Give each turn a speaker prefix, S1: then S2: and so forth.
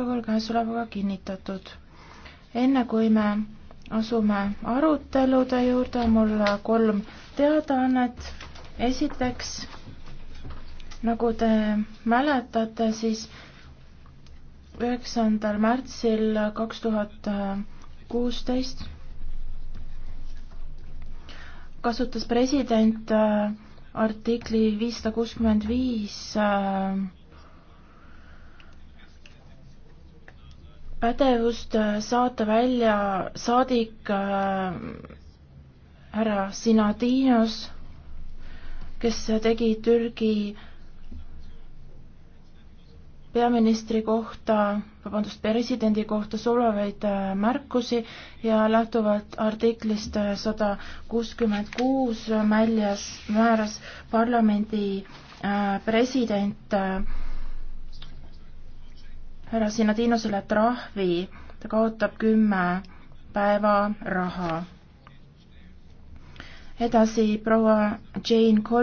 S1: protokoll käesolevaga kinnitatud. enne kui me asume arutelude juurde, on mul kolm teadaannet. esiteks, nagu te mäletate, siis üheksandal märtsil kaks tuhat kuusteist kasutas president äh, artikli viissada kuuskümmend viis äh, pädevust äh, saata välja saadik äh, härra Sinadinos, kes tegi Türgi peaministri kohta, vabandust, presidendi kohta solvavaid äh, märkusi ja lähtuvalt artiklist sada kuuskümmend kuus mäljas, määras parlamendi president härra Sinadinosele trahvi, ta kaotab kümme päeva raha. edasi proua Jane Col-.